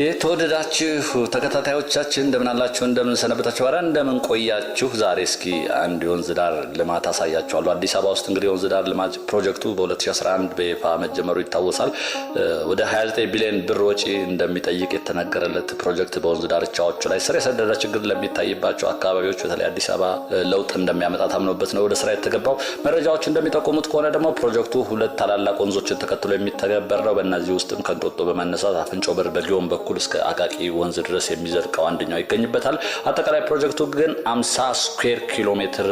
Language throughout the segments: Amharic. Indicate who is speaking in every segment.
Speaker 1: የተወደዳችሁ ተከታታዮቻችን እንደምናላችሁ፣ አላችሁ? እንደምን ሰነበታችሁ? እንደምን ቆያችሁ? ዛሬ እስኪ አንድ የወንዝ ዳር ልማት አሳያችኋለሁ። አዲስ አበባ ውስጥ እንግዲህ የወንዝ ዳር ልማት ፕሮጀክቱ በ2011 በይፋ መጀመሩ ይታወሳል። ወደ 29 ቢሊዮን ብር ወጪ እንደሚጠይቅ የተነገረለት ፕሮጀክት በወንዝ ዳርቻዎቹ ላይ ስር የሰደደ ችግር ለሚታይባቸው አካባቢዎች በተለይ አዲስ አበባ ለውጥ እንደሚያመጣ ታምኖበት ነው ወደ ስራ የተገባው። መረጃዎች እንደሚጠቁሙት ከሆነ ደግሞ ፕሮጀክቱ ሁለት ታላላቅ ወንዞችን ተከትሎ የሚተገበር ነው። በእነዚህ ውስጥም ከንጦጦ በመነሳት አፍንጮ በር በ በኩል እስከ አቃቂ ወንዝ ድረስ የሚዘልቀው አንደኛው ይገኝበታል። አጠቃላይ ፕሮጀክቱ ግን 50 ስኩዌር ኪሎ ሜትር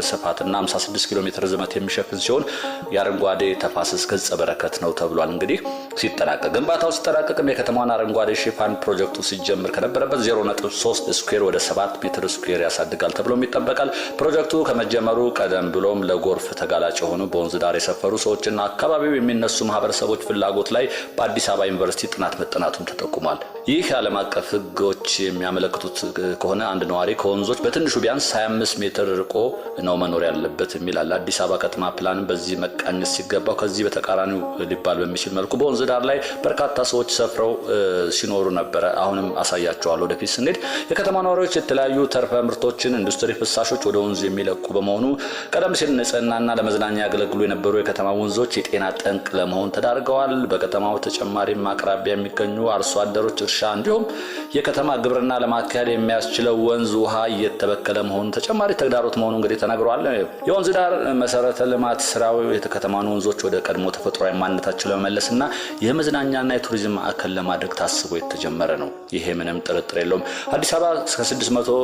Speaker 1: እና 56 ኪሎ ሜትር ዝመት የሚሸፍን ሲሆን የአረንጓዴ ተፋሰስ ገጸ በረከት ነው ተብሏል። እንግዲህ ሲጠናቀቅ ግንባታው ሲጠናቀቅም የከተማዋን አረንጓዴ ሽፋን ፕሮጀክቱ ሲጀምር ከነበረበት 0.3 ስኩዌር ወደ 7 ሜትር ስኩዌር ያሳድጋል ተብሎም ይጠበቃል። ፕሮጀክቱ ከመጀመሩ ቀደም ብሎም ለጎርፍ ተጋላጭ የሆኑ በወንዝ ዳር የሰፈሩ ሰዎችና አካባቢው የሚነሱ ማህበረሰቦች ፍላጎት ላይ በአዲስ አበባ ዩኒቨርሲቲ ጥናት መጠናቱም ተጠቁሟል። ይህ የዓለም አቀፍ ህጎች የሚያመለክቱት ከሆነ አንድ ነዋሪ ከወንዞች በትንሹ ቢያንስ 25 ሜትር ርቆ ነው መኖር ያለበት የሚላል አዲስ አበባ ከተማ ፕላን በዚህ መቃኘት ሲገባው ከዚህ በተቃራኒው ሊባል በሚችል መልኩ በወንዝ ዳር ላይ በርካታ ሰዎች ሰፍረው ሲኖሩ ነበረ። አሁንም አሳያቸዋል ወደፊት ስንሄድ። የከተማ ነዋሪዎች የተለያዩ ተርፈ ምርቶችን፣ ኢንዱስትሪ ፍሳሾች ወደ ወንዙ የሚለቁ በመሆኑ ቀደም ሲል ንጽህናና ለመዝናኛ ያገለግሉ የነበሩ የከተማ ወንዞች የጤና ጠንቅ ለመሆን ተዳርገዋል። በከተማው ተጨማሪም አቅራቢያ የሚገኙ አርሶ አደሮች እርሻ እንዲሁም የከተማ ግብርና ለማካሄድ የሚያስችለው ወንዝ ውሃ እየተበከለ መሆኑ ተጨማሪ ተግዳሮት መሆኑ እንግዲህ ተነግሯል። የወንዝ ዳር መሰረተ ልማት ስራው የከተማን ወንዞች ወደ ቀድሞ ተፈጥሯዊ ማንነታቸው ለመመለስና የመዝናኛና የቱሪዝም ማዕከል ለማድረግ ታስቦ የተጀመረ ነው። ይሄ ምንም ጥርጥር የለውም። አዲስ አበባ እስከ 600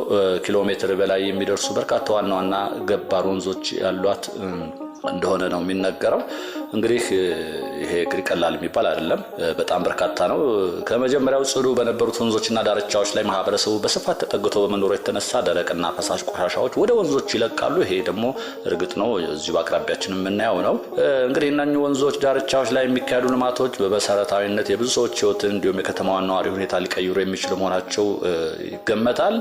Speaker 1: ኪሎ ሜትር በላይ የሚደርሱ በርካታ ዋና ዋና ገባር ወንዞች ያሏት እንደሆነ ነው የሚነገረው። እንግዲህ ይሄ ቀላል የሚባል አይደለም፣ በጣም በርካታ ነው። ከመጀመሪያው ጽዱ በነበሩት ወንዞችና ዳርቻዎች ላይ ማህበረሰቡ በስፋት ተጠግቶ በመኖሩ የተነሳ ደረቅና ፈሳሽ ቆሻሻዎች ወደ ወንዞች ይለቃሉ። ይሄ ደግሞ እርግጥ ነው እዚሁ በአቅራቢያችን የምናየው ነው። እንግዲህ እነ ወንዞች ዳርቻዎች ላይ የሚካሄዱ ልማቶች በመሰረታዊነት የብዙ ሰዎች ህይወትን እንዲሁም የከተማዋን ነዋሪ ሁኔታ ሊቀይሩ የሚችሉ መሆናቸው ይገመታል።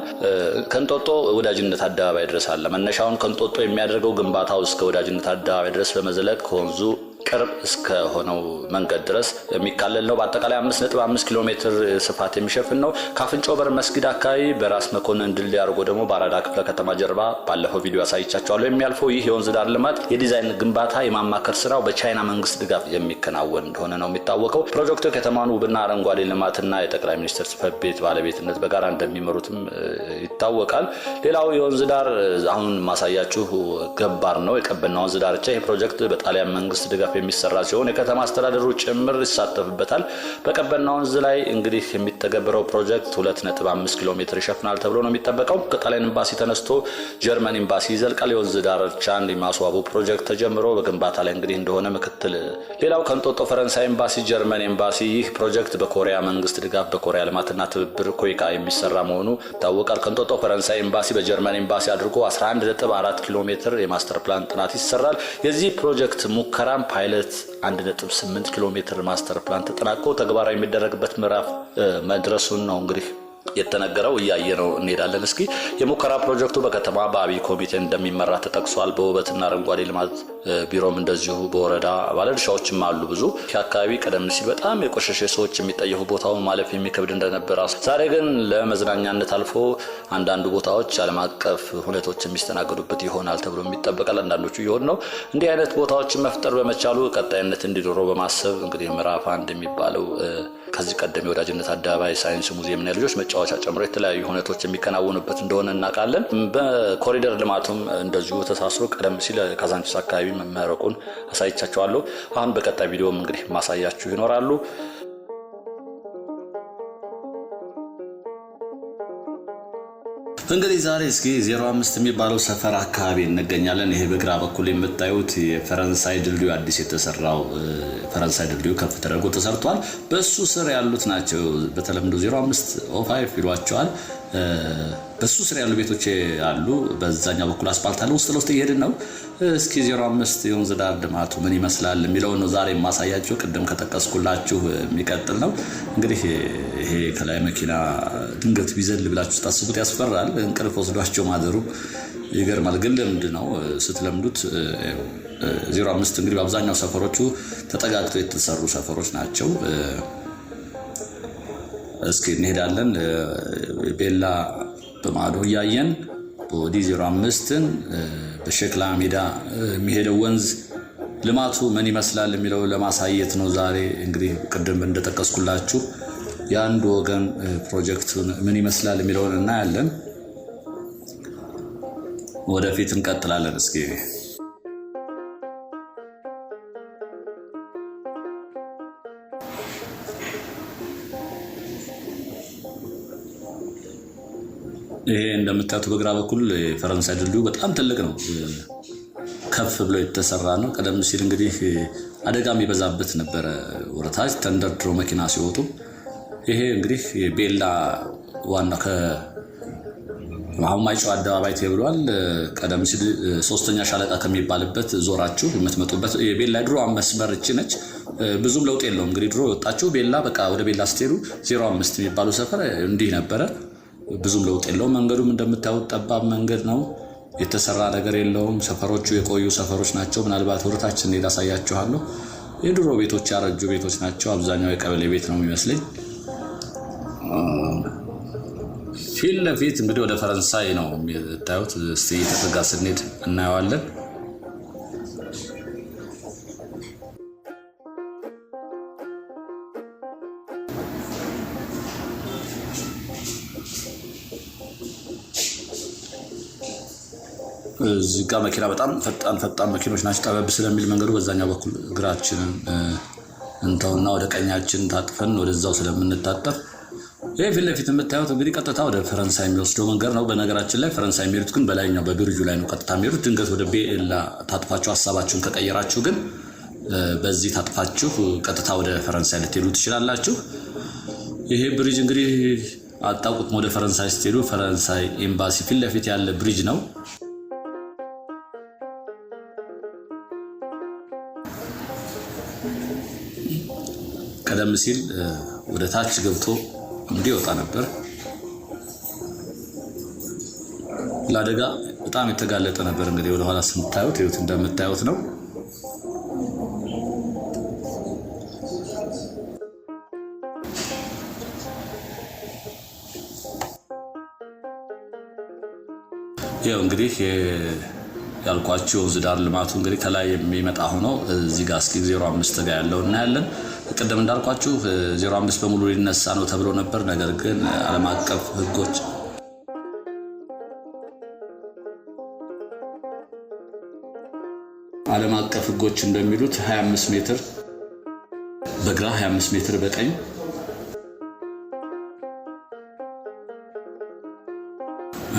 Speaker 1: ከንጦጦ ወዳጅነት አደባባይ ድረስ አለ። መነሻውን ከንጦጦ የሚያደርገው ግንባታው እስከ ወዳጅነት داعي درس بمزلك كونزو ቅርብ እስከሆነው መንገድ ድረስ የሚካለል ነው። በአጠቃላይ 5.5 ኪሎ ሜትር ስፋት የሚሸፍን ነው። ካፍንጮ በር መስጊድ አካባቢ በራስ መኮንን ድልድይ አድርጎ ደግሞ በአራዳ ክፍለ ከተማ ጀርባ ባለፈው ቪዲዮ ያሳይቻቸዋለሁ የሚያልፈው ይህ የወንዝ ዳር ልማት የዲዛይን ግንባታ የማማከር ስራው በቻይና መንግስት ድጋፍ የሚከናወን እንደሆነ ነው የሚታወቀው። ፕሮጀክቱ የከተማን ውብና አረንጓዴ ልማትና የጠቅላይ ሚኒስትር ጽህፈት ቤት ባለቤትነት በጋራ እንደሚመሩትም ይታወቃል። ሌላው የወንዝ ዳር አሁን ማሳያችሁ ገባር ነው፣ የቀበና ወንዝ ዳርቻ። ይህ ፕሮጀክት በጣሊያን መንግስት ድጋፍ የሚሰራ ሲሆን የከተማ አስተዳደሩ ጭምር ይሳተፍበታል። በቀበና ወንዝ ላይ እንግዲህ የሚተገበረው ፕሮጀክት 2.5 ኪሎ ሜትር ይሸፍናል ተብሎ ነው የሚጠበቀው። ከጣሊያን ኤምባሲ ተነስቶ ጀርመን ኤምባሲ ይዘልቃል። የወንዝ ዳርቻን የማስዋቡ ፕሮጀክት ተጀምሮ በግንባታ ላይ እንግዲህ እንደሆነ ምክትል ሌላው ከእንጦጦ ፈረንሳይ ኤምባሲ፣ ጀርመን ኤምባሲ ይህ ፕሮጀክት በኮሪያ መንግስት ድጋፍ በኮሪያ ልማትና ትብብር ኮይካ የሚሰራ መሆኑ ይታወቃል። ከእንጦጦ ፈረንሳይ ኤምባሲ በጀርመን ኤምባሲ አድርጎ 11.4 ኪሎ ሜትር የማስተር ፕላን ጥናት ይሰራል። የዚህ ፕሮጀክት ሙከራም ፓይለት 1.8 ኪሎ ሜትር ማስተር ፕላን ተጠናቆ ተግባራዊ የሚደረግበት ምዕራፍ መድረሱን ነው እንግዲህ የተነገረው እያየ ነው እንሄዳለን። እስኪ የሙከራ ፕሮጀክቱ በከተማ በአብይ ኮሚቴ እንደሚመራ ተጠቅሷል። በውበትና አረንጓዴ ልማት ቢሮም እንደዚሁ በወረዳ ባለድርሻዎችም አሉ። ብዙ አካባቢ ቀደም ሲል በጣም የቆሸሸ ሰዎች የሚጠየፉ ቦታውን ማለፍ የሚከብድ እንደነበረ ዛሬ ግን ለመዝናኛነት አልፎ አንዳንዱ ቦታዎች ዓለም አቀፍ ሁኔታዎች የሚስተናገዱበት ይሆናል ተብሎ የሚጠበቃል። አንዳንዶቹ ይሆን ነው። እንዲህ አይነት ቦታዎችን መፍጠር በመቻሉ ቀጣይነት እንዲኖረው በማሰብ እንግዲህ ምዕራፍ አንድ የሚባለው ከዚህ ቀደም የወዳጅነት አደባባይ ሳይንስ ሙዚየምና ልጆች መጫወቻ ጨምሮ የተለያዩ ሁነቶች የሚከናወኑበት እንደሆነ እናውቃለን። በኮሪደር ልማቱም እንደዚሁ ተሳስሮ ቀደም ሲል ካዛንቺስ አካባቢ መመረቁን አሳይቻቸዋለሁ። አሁን በቀጣይ ቪዲዮም እንግዲህ ማሳያችሁ ይኖራሉ። እንግዲህ ዛሬ እስኪ 05 የሚባለው ሰፈር አካባቢ እንገኛለን። ይሄ በግራ በኩል የምታዩት የፈረንሳይ ድልድዩ አዲስ የተሰራው ፈረንሳይ ድልድዩ ከፍ ተደርጎ ተሰርቷል። በሱ ስር ያሉት ናቸው። በተለምዶ 05 ኦ5 ይሏቸዋል። በሱ ስር ያሉ ቤቶች አሉ። በዛኛው በኩል አስፓልት አለ። ውስጥ ለውስጥ እየሄድን ነው። እስኪ 05 የወንዝ ዳር ልማቱ ምን ይመስላል የሚለውን ነው ዛሬ የማሳያችሁ። ቅድም ከጠቀስኩላችሁ የሚቀጥል ነው። እንግዲህ ይሄ ከላይ መኪና ድንገት ቢዘል ብላችሁ ስታስቡት ያስፈራል። እንቅልፍ ወስዷቸው ማደሩ ይገርማል። ግን ልምድ ነው። ስትለምዱት 05 እንግዲህ በአብዛኛው ሰፈሮቹ ተጠጋግተው የተሰሩ ሰፈሮች ናቸው። እስኪ እንሄዳለን። ቤላ በማዶ እያየን በወዲ 05ን በሸክላ ሜዳ የሚሄደው ወንዝ ልማቱ ምን ይመስላል የሚለው ለማሳየት ነው። ዛሬ እንግዲህ ቅድም እንደጠቀስኩላችሁ የአንድ ወገን ፕሮጀክቱ ምን ይመስላል የሚለውን እናያለን። ወደፊት እንቀጥላለን። እስኪ ይሄ እንደምታዩት በግራ በኩል ፈረንሳይ ድልድዩ በጣም ትልቅ ነው። ከፍ ብሎ የተሰራ ነው። ቀደም ሲል እንግዲህ አደጋ የሚበዛበት ነበረ። ወረታች ተንደርድሮ መኪና ሲወጡ ይሄ እንግዲህ ቤላ ዋና አሁን ማይጨው አደባባይ ተብሏል። ቀደም ሲል ሶስተኛ ሻለቃ ከሚባልበት ዞራችሁ የምትመጡበት የቤላ ድሮ መስመር እቺ ነች። ብዙም ለውጥ የለውም። እንግዲህ ድሮ ወጣችሁ ቤላ በቃ ወደ ቤላ ስትሄዱ አምስት የሚባሉ ሰፈር እንዲህ ነበረ። ብዙም ለውጥ የለውም። መንገዱም እንደምታዩት ጠባብ መንገድ ነው። የተሰራ ነገር የለውም። ሰፈሮቹ የቆዩ ሰፈሮች ናቸው። ምናልባት ወደታችን እንሄድ አሳያችኋለሁ። የድሮ ቤቶች ያረጁ ቤቶች ናቸው። አብዛኛው የቀበሌ ቤት ነው የሚመስለኝ። ፊት ለፊት እንግዲህ ወደ ፈረንሳይ ነው የምታዩት። እስኪ ተጠጋ ስንሄድ እናየዋለን። እዚህ ጋ መኪና በጣም ፈጣን ፈጣን መኪኖች ናቸው። ጠበብ ስለሚል መንገዱ በዛኛው በኩል እግራችንን እንተውና ወደ ቀኛችን ታጥፈን ወደዛው ስለምንታጠፍ ይህ ፊት ለፊት የምታዩት እንግዲህ ቀጥታ ወደ ፈረንሳይ የሚወስደው መንገድ ነው። በነገራችን ላይ ፈረንሳይ የሚሄዱት ግን በላይኛው በብርጁ ላይ ነው ቀጥታ የሚሄዱት። ድንገት ወደ ቤላ ታጥፋችሁ ሀሳባችሁን ከቀየራችሁ ግን በዚህ ታጥፋችሁ ቀጥታ ወደ ፈረንሳይ ልትሄዱ ትችላላችሁ። ይሄ ብሪጅ እንግዲህ አጣቁት ወደ ፈረንሳይ ስትሄዱ ፈረንሳይ ኤምባሲ ፊት ለፊት ያለ ብሪጅ ነው። ቀደም ሲል ወደ ታች ገብቶ እንዲወጣ ነበር። ለአደጋ በጣም የተጋለጠ ነበር። እንግዲህ ወደኋላ ስምታዩት ህይወት እንደምታዩት ነው። ያው እንግዲህ ያልኳቸው የወንዝ ዳር ልማቱ እንግዲህ ከላይ የሚመጣ ሆኖ እዚህ ጋር እስኪ ዜሮ አምስት ጋር ያለው እናያለን። ቅድም እንዳልኳችሁ 05 በሙሉ ሊነሳ ነው ተብሎ ነበር። ነገር ግን ዓለም አቀፍ ህጎች ዓለም አቀፍ ህጎች እንደሚሉት 25 ሜትር በግራ 25 ሜትር በቀኝ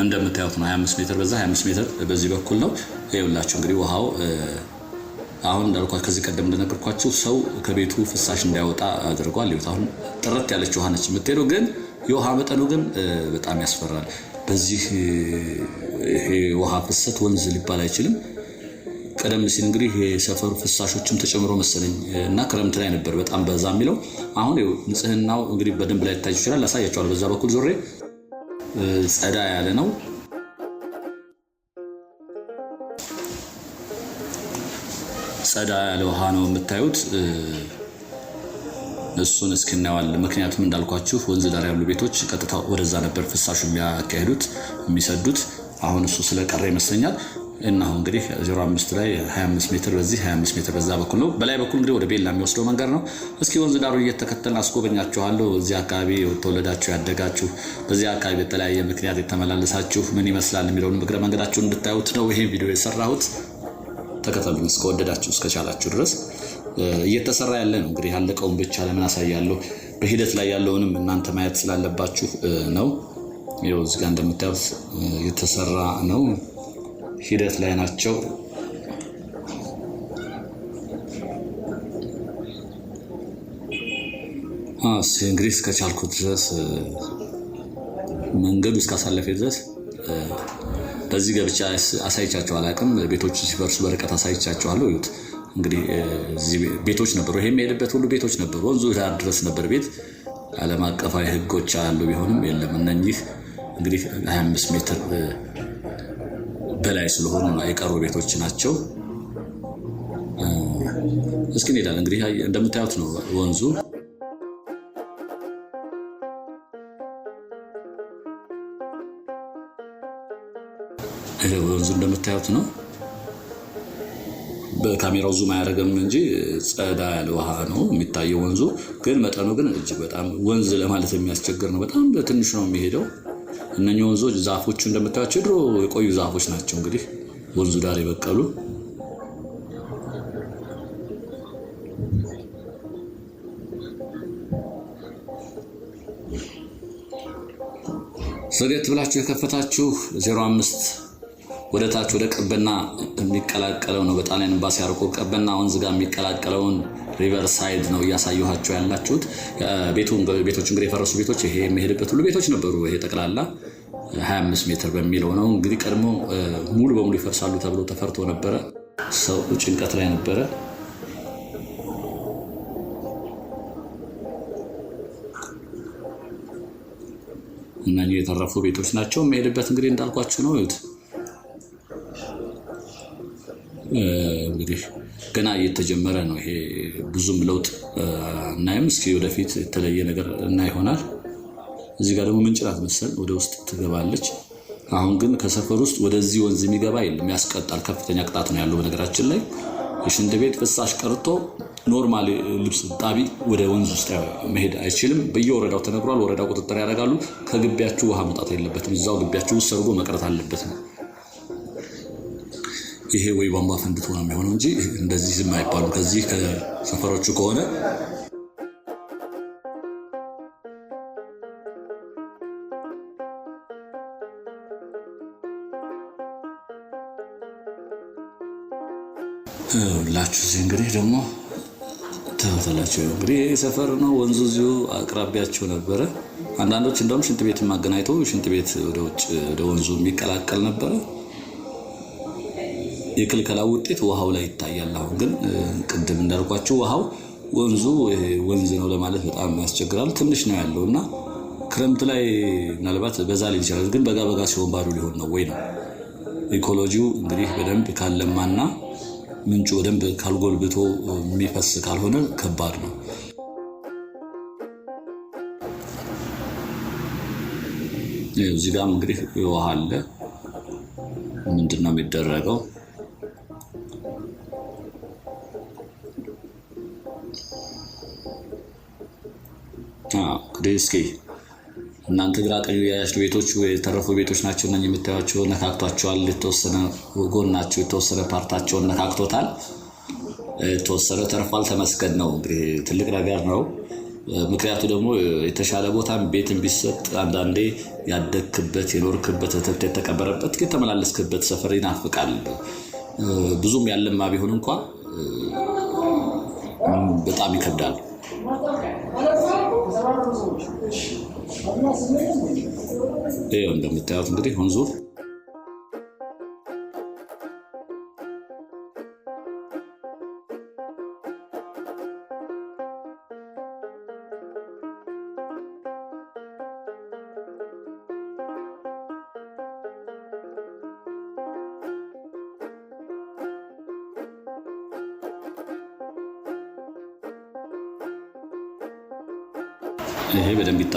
Speaker 1: እንደምታዩት ነው። 25 ሜትር በዛ 25 ሜትር በዚህ በኩል ነው። ይኸውላችሁ እንግዲህ ውሃው አሁን እንዳልኳ ከዚህ ቀደም እንደነገርኳቸው ሰው ከቤቱ ፍሳሽ እንዳይወጣ አድርጓል። ይወት አሁን ጥረት ያለች ውሃ ነች የምትሄደው፣ ግን የውሃ መጠኑ ግን በጣም ያስፈራል። በዚህ ይሄ ውሃ ፍሰት ወንዝ ሊባል አይችልም። ቀደም ሲል እንግዲህ የሰፈሩ ፍሳሾችም ተጨምሮ መሰለኝ እና ክረምት ላይ ነበር በጣም በዛ የሚለው። አሁን ንጽህናው እንግዲህ በደንብ ላይ ይታይ ይችላል። ላሳያቸዋል በዛ በኩል ዞሬ ጸዳ ያለ ነው። ጸዳ ያለ ውሃ ነው የምታዩት። እሱን እስክናየዋለን። ምክንያቱም እንዳልኳችሁ ወንዝ ዳር ያሉ ቤቶች ቀጥታ ወደዛ ነበር ፍሳሹ የሚያካሄዱት የሚሰዱት። አሁን እሱ ስለቀረ ይመስለኛል እና አሁን እንግዲህ 05 ላይ 25 ሜትር በዚህ 25 ሜትር በዛ በኩል ነው። በላይ በኩል እንግዲህ ወደ ቤላ የሚወስደው መንገድ ነው። እስኪ ወንዝ ዳሩ እየተከተልን አስጎበኛችኋለሁ። እዚህ አካባቢ ተወለዳችሁ፣ ያደጋችሁ፣ በዚህ አካባቢ በተለያየ ምክንያት የተመላለሳችሁ ምን ይመስላል የሚለውን እግረ መንገዳችሁን እንድታዩት ነው ይሄ ቪዲዮ የሰራሁት። ተከተሉኝ እስከወደዳችሁ እስከቻላችሁ ድረስ እየተሰራ ያለ ነው። እንግዲህ ያለቀውን ብቻ ለምን አሳያለሁ? በሂደት ላይ ያለውንም እናንተ ማየት ስላለባችሁ ነው። ይኸው እዚህ ጋር እንደምታዩት የተሰራ ነው። ሂደት ላይ ናቸው። እንግዲህ እስከቻልኩት ድረስ መንገዱ እስካሳለፈ ድረስ በዚህ ገብቻ አሳይቻቸው አላቅም። ቤቶች ሲፈርሱ በርቀት አሳይቻቸዋለሁ። እዩት እንግዲህ ቤቶች ነበሩ። ይሄ የሚሄድበት ሁሉ ቤቶች ነበሩ። ወንዙ ዳር ድረስ ነበር ቤት። ዓለም አቀፋዊ ህጎች አሉ ቢሆንም የለም። እነኚህ እንግዲህ 25 ሜትር በላይ ስለሆኑ የቀሩ ቤቶች ናቸው። እስኪ እንሄዳለን። እንግዲህ እንደምታዩት ነው ወንዙ እንደምታዩት ነው። በካሜራው ዙም አያደርግም እንጂ ጸዳ ያለ ውሃ ነው የሚታየው። ወንዙ ግን መጠኑ ግን እጅግ በጣም ወንዝ ለማለት የሚያስቸግር ነው። በጣም በትንሹ ነው የሚሄደው። እነኚህ ወንዞች ዛፎቹ እንደምታያቸው ድሮ የቆዩ ዛፎች ናቸው። እንግዲህ ወንዙ ዳር የበቀሉ ሰገት ብላችሁ የከፈታችሁ 05 ወደ ታች ወደ ቀበና የሚቀላቀለው ነው። በጣሊያን ኤምባሲ አርቆ ቀበና ወንዝ ጋር የሚቀላቀለውን ሪቨር ሳይድ ነው እያሳየኋቸው ያላችሁት። ቤቶች እንግዲህ የፈረሱ ቤቶች ይሄ የሚሄድበት ሁሉ ቤቶች ነበሩ። ይሄ ጠቅላላ 25 ሜትር በሚለው ነው እንግዲህ ቀድሞ ሙሉ በሙሉ ይፈርሳሉ ተብሎ ተፈርቶ ነበረ። ሰው ጭንቀት ላይ ነበረ። እነኚህ የተረፉ ቤቶች ናቸው። የሚሄድበት እንግዲህ እንዳልኳችሁ ነው። እንግዲህ ገና እየተጀመረ ነው። ይሄ ብዙም ለውጥ እናይም። እስኪ ወደፊት የተለየ ነገር እና ይሆናል። እዚህ ጋር ደግሞ ምንጭላት መሰል ወደ ውስጥ ትገባለች። አሁን ግን ከሰፈር ውስጥ ወደዚህ ወንዝ የሚገባ የለም፣ ያስቀጣል። ከፍተኛ ቅጣት ነው ያለው። በነገራችን ላይ የሽንት ቤት ፍሳሽ ቀርቶ ኖርማል ልብስ ጣቢ ወደ ወንዝ ውስጥ መሄድ አይችልም። በየወረዳው ተነግሯል። ወረዳው ቁጥጥር ያደርጋሉ። ከግቢያችሁ ውሃ መውጣት የለበትም። እዛው ግቢያችሁ ውስጥ ሰርጎ መቅረት አለበት ነው ይሄ ወይ ቧንቧ ፈንድቶ ነው የሚሆነው እንጂ እንደዚህ ዝም አይባሉ። ከዚህ ከሰፈሮቹ ከሆነ ሁላችሁ እዚህ እንግዲህ ደግሞ ተፈተላቸው እንግዲህ ይህ ሰፈር ነው። ወንዙ እዚሁ አቅራቢያቸው ነበረ። አንዳንዶች እንደውም ሽንት ቤት ማገናኝተው ሽንት ቤት ወደ ውጭ ወደ ወንዙ የሚቀላቀል ነበረ። የክልከላ ውጤት ውሃው ላይ ይታያል። አሁን ግን ቅድም እንዳልኳቸው ውሃው ወንዙ ወንዝ ነው ለማለት በጣም ያስቸግራል። ትንሽ ነው ያለው እና ክረምት ላይ ምናልባት በዛ ሊል ይችላል። ግን በጋ በጋ ሲሆን ባዶ ሊሆን ነው ወይ ነው ኢኮሎጂው እንግዲህ በደንብ ካለማና ምንጩ በደንብ ካልጎልብቶ የሚፈስ ካልሆነ ከባድ ነው። እዚህ ጋም እንግዲህ ውሃ አለ። ምንድን ነው የሚደረገው? ዴስኬ እናንተ ግራ ቀኙ ያያችሁ ቤቶች የተረፉ ቤቶች ናቸው። እና የምታያቸው ነካክቷቸዋል። የተወሰነ ጎናቸው የተወሰነ ፓርታቸውን ነካክቶታል። የተወሰነ ተርፏል። ተመስገን ነው። እንግዲህ ትልቅ ነገር ነው። ምክንያቱ ደግሞ የተሻለ ቦታም ቤትን ቢሰጥ አንዳንዴ ያደግክበት የኖርክበት ትብት የተቀበረበት የተመላለስክበት ሰፈር ይናፍቃል። ብዙም ያለማ ቢሆን እንኳ በጣም ይከብዳል። ይኸው እንደምታዩት እንግዲህ ሁንዙር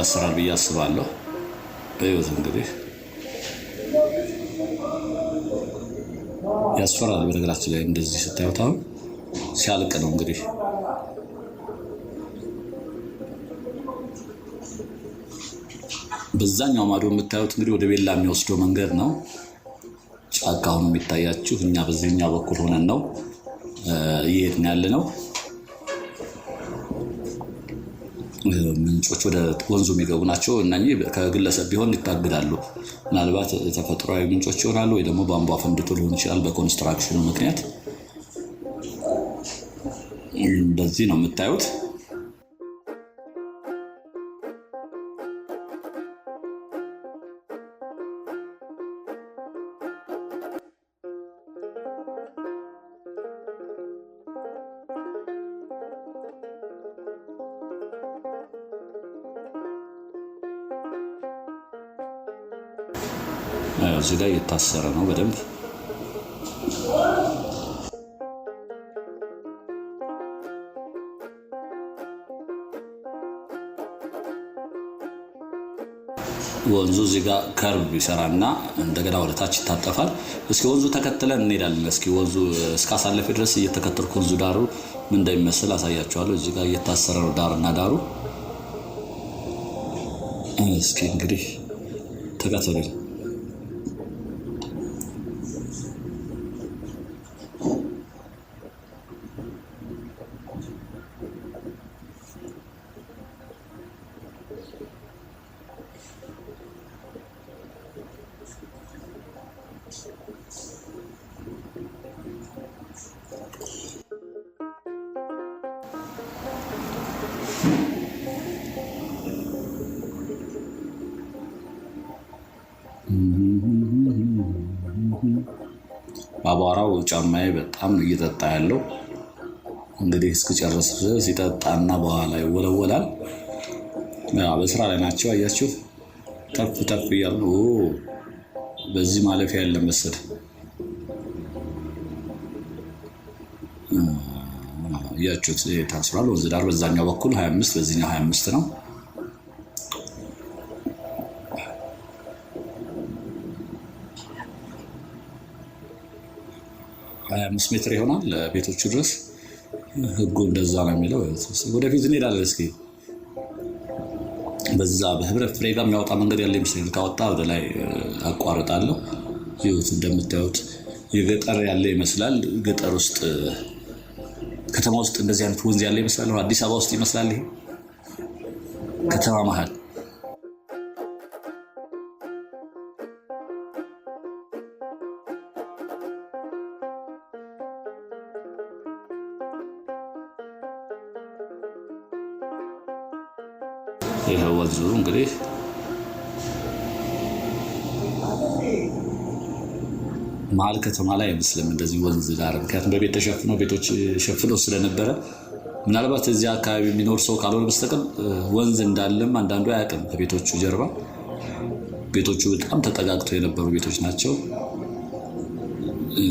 Speaker 1: ይታሰራል ብዬ አስባለሁ። በህይወት እንግዲህ ያስፈራል። በነገራችን ላይ እንደዚህ ስታዩት አሁን ሲያልቅ ነው እንግዲህ በዛኛው ማዶ የምታዩት እንግዲህ ወደ ቤላ የሚወስደው መንገድ ነው። ጫካ የሚታያችሁ እኛ በዚህኛው በኩል ሆነን ነው እየሄድን ያለ ነው። ምንጮች ወደ ወንዙ የሚገቡ ናቸው። እና ከግለሰብ ቢሆን ይታግዳሉ። ምናልባት ተፈጥሯዊ ምንጮች ይሆናሉ ወይ ደግሞ በአንቧ ፈንድቶ ሊሆን ይችላል። በኮንስትራክሽኑ ምክንያት እንደዚህ ነው የምታዩት። እዚህ ላይ የታሰረ ነው በደንብ ወንዙ እዚህ ጋር ከርብ ይሰራና እንደገና ወደ ታች ይታጠፋል። እስኪ ወንዙ ተከትለን እንሄዳለን። እስኪ ወንዙ እስካሳለፈ ድረስ እየተከተልኩ ወንዙ ዳሩ ምን እንደሚመስል አሳያቸዋለሁ። እዚህ ጋር እየታሰረ ነው ዳርና ዳሩ። እስኪ እንግዲህ ተከተሉኝ። አቧራው ጫማዬ በጣም እየጠጣ ያለው እንግዲህ እስክጨርስ ሲጠጣና በኋላ ይወለወላል። በስራ ላይ ናቸው። አያችሁ ተፍ ተፍ እያሉ በዚህ ማለፊያ ያለ መሰል እያችሁት ታስሯል። ወንዝ ዳር በዛኛው በኩል 25 በዚህኛው 25 ነው። አምስት ሜትር ይሆናል ለቤቶቹ ድረስ ህጉ እንደዛ ነው የሚለው። ወደፊት እንሄዳለን። እስኪ በዛ በህብረት ፍሬ ጋር የሚያወጣ መንገድ ያለ ይመስለኛል። ካወጣ ወደ ላይ አቋርጣለሁ። ይሁት እንደምታዩት የገጠር ያለ ይመስላል። ገጠር ውስጥ ከተማ ውስጥ እንደዚህ አይነት ወንዝ ያለ ይመስላል። አዲስ አበባ ውስጥ ይመስላል። ይሄ ከተማ መሀል ይህ እንግዲህ መሀል ከተማ ላይ አይመስልም እንደዚህ ወንዝ ዳር፣ ምክንያቱም በቤት ተሸፍኖ ቤቶች ሸፍኖ ስለነበረ ምናልባት እዚህ አካባቢ የሚኖር ሰው ካልሆነ በስተቀር ወንዝ እንዳለም አንዳንዱ አያውቅም። ከቤቶቹ ጀርባ ቤቶቹ በጣም ተጠጋግተው የነበሩ ቤቶች ናቸው።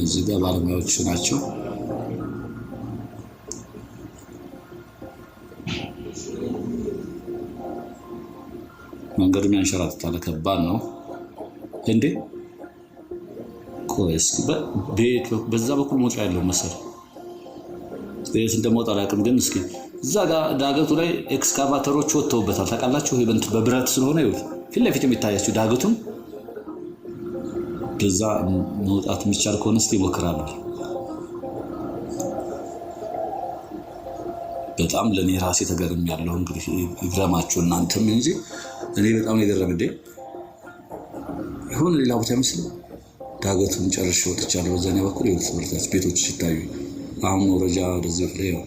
Speaker 1: እዚህ ጋር ባለሙያዎቹ ናቸው። ተጣለ። ከባድ ነው እንዴ! ቤት በዛ በኩል መውጫ ያለው መሰል የት እንደመውጣ አላውቅም፣ ግን እስኪ እዛ ዳገቱ ላይ ኤክስካቫተሮች ወጥተውበታል። ታውቃላችሁ፣ በብረት ስለሆነ ይኸው ፊት ለፊት የሚታያችሁ ዳገቱም በዛ መውጣት የሚቻል ከሆነ እስኪ ይሞክራሉ። በጣም ለእኔ ራሴ ተገርም ያለው እንግዲህ ይግረማችሁ እናንተም እንጂ እኔ በጣም ነው የገረመኝ። ይሁን ሌላ ቦታ ይመስል ዳገቱን ጨርሽ ወጥቻለሁ። በዛኔ በኩል የወልት ቤቶች ሲታዩ አሁን መውረጃ ወደዚህ ፍሬ ነው።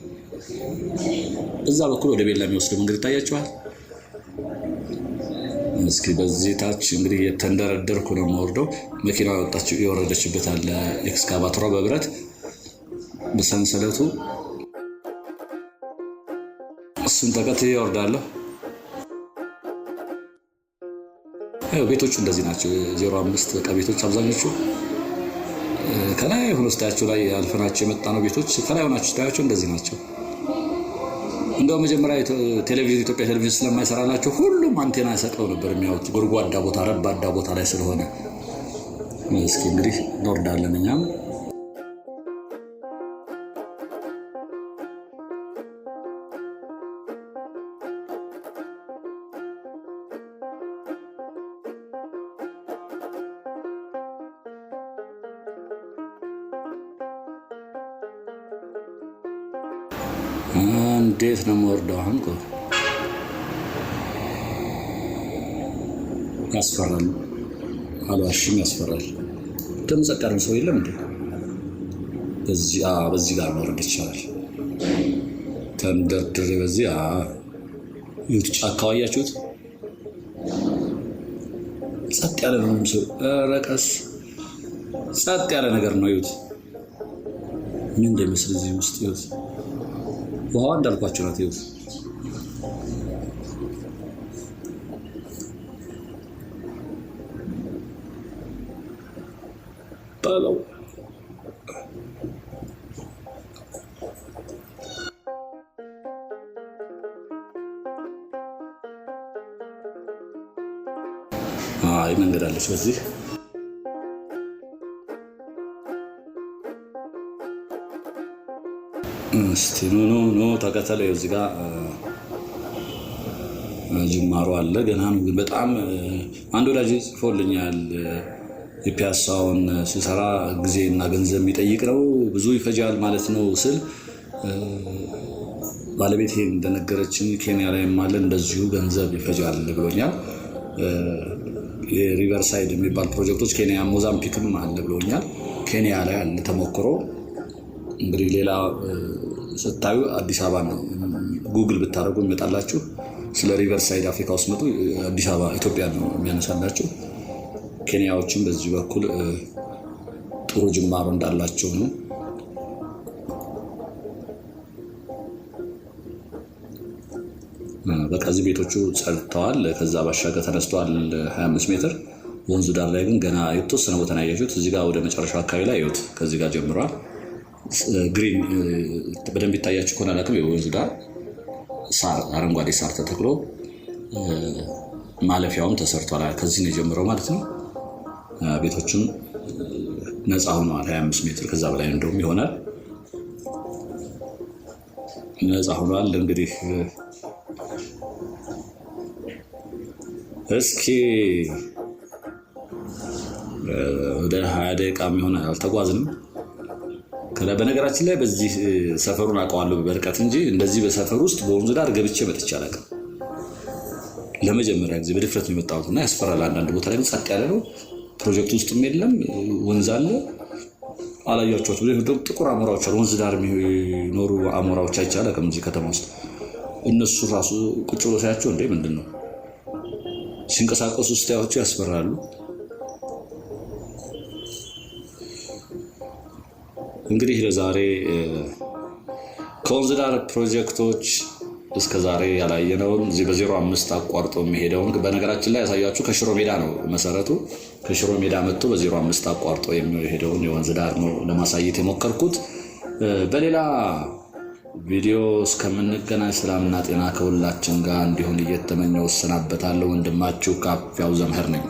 Speaker 1: በኩል ወደ ቤላ የሚወስደው መንገድ ይታያቸዋል። እስኪ በዚህ ታች እንግዲህ የተንደረደርኩ ነው መወርደው መኪና የወጣችው የወረደችበት አለ ኤክስካቫተሯ በብረት በሰንሰለቱ እሱን ተከትዬ እወርዳለሁ። ቤቶቹ እንደዚህ ናቸው። ዜሮ አምስት በቃ ቤቶች አብዛኞቹ ከላይ ሆኖ ስታያቸው ላይ አልፈናቸው የመጣ ነው። ቤቶች ከላይ ሆናቸው ስታያቸው እንደዚህ ናቸው። እንደው መጀመሪያ ቴሌቪዥን ኢትዮጵያ ቴሌቪዥን ስለማይሰራላቸው ሁሉም አንቴና ሰቅለው ነበር የሚያዩት ጎድጓዳ ቦታ፣ ረባዳ ቦታ ላይ ስለሆነ። እስኪ እንግዲህ እንወርዳለን እኛም እንዴት ነው የምወርደው? አሁን እኮ ያስፈራል፣ አልዋሽም፣ ያስፈራል። ድምፅ ቀርን ሰው የለም እንዴ? በዚህ ጋር መውረድ ይቻላል። ተንደርድሬ በዚህ ይሁት ጫካ አያችሁት? ጸጥ ያለ ነው ሰው ረቀስ ጸጥ ያለ ነገር ነው። ይሁት ምን እንደሚመስል እዚህ ውስጥ ይሁት बहुत डर क्वेश्चन थी उस हाँ मंदिर आलेश्वर जी እስቲ ኑ ኑ ኑ ተከተለ እዚህ ጋር ጅማሮ አለ ገና በጣም አንድ ወዳጅ ጽፎልኛል። የፒያሳውን ስሰራ ጊዜ እና ገንዘብ የሚጠይቅ ነው ብዙ ይፈጃል ማለት ነው ስል ባለቤት እንደነገረችን ኬንያ ላይ ማለ እንደዚሁ ገንዘብ ይፈጃል ብሎኛል። የሪቨርሳይድ የሚባል ፕሮጀክቶች ኬንያ ሞዛምፒክም አለ ብሎኛል። ኬንያ ላይ አለ ተሞክሮ እንግዲህ ሌላ ስታዩ አዲስ አበባ ነው። ጉግል ብታደረጉ ይመጣላችሁ። ስለ ሳይድ አፍሪካ ውስጥ መጡ አዲስ አበባ ኢትዮጵያ ነው የሚያነሳላችሁ። ኬንያዎችም በዚህ በኩል ጥሩ ጅማሮ እንዳላቸው ነው። በቀዚህ ቤቶቹ ጸድተዋል። ከዛ ባሻገር ተነስተዋል 25 ሜትር ወንዙ ዳር ላይ ግን ገና የተወሰነ ቦታ ነው ያያችሁት። እዚህ ጋር ወደ መጨረሻው አካባቢ ላይ ይወት ከዚህ ጋር ጀምረዋል። ግሪን በደንብ ይታያችሁ ከሆነ አላውቅም። የወንዝ ዳር ሳር አረንጓዴ ሳር ተተክሎ ማለፊያውም ተሰርቷል። ከዚህ ነው የጀምረው ማለት ነው። ቤቶችም ነፃ ሆነዋል። 25 ሜትር ከዛ በላይ እንደውም ይሆናል ነፃ ሆኗል። እንግዲህ እስኪ ወደ ሀያ ደቂቃ የሚሆን አልተጓዝንም። ሞክረህ በነገራችን ላይ በዚህ ሰፈሩን አውቀዋለሁ በርቀት እንጂ እንደዚህ በሰፈር ውስጥ በወንዝ ዳር ገብቼ መጥቼ አላውቅም። ለመጀመሪያ ጊዜ በድፍረት ነው የመጣሁት እና ያስፈራል። አንዳንድ ቦታ ላይ ጸጥ ያለ ነው። ፕሮጀክት ውስጥም የለም ወንዝ አለ። አላያቸኋቸ ደግሞ ጥቁር አሞራዎች አሉ። ወንዝ ዳር የሚኖሩ አሞራዎች አይቻለ ከዚህ ከተማ ውስጥ እነሱ ራሱ ቁጭ ብሎ ሳያቸው እንደ ምንድን ነው ሲንቀሳቀሱ ውስጥ ያቸው ያስፈራሉ። እንግዲህ ለዛሬ ከወንዝ ዳር ፕሮጀክቶች እስከ ዛሬ ያላየነውን እዚህ በዜሮ አምስት አቋርጦ የሚሄደውን በነገራችን ላይ ያሳያችሁ ከሽሮ ሜዳ ነው መሰረቱ። ከሽሮ ሜዳ መጥቶ በዜሮ አምስት አቋርጦ የሚሄደውን የወንዝ ዳር ነው ለማሳየት የሞከርኩት። በሌላ ቪዲዮ እስከምንገናኝ ሰላምና ጤና ከሁላችን ጋር እንዲሆን እየተመኘው እሰናበታለሁ። ወንድማችሁ ካፍያው ዘምህር ነኝ።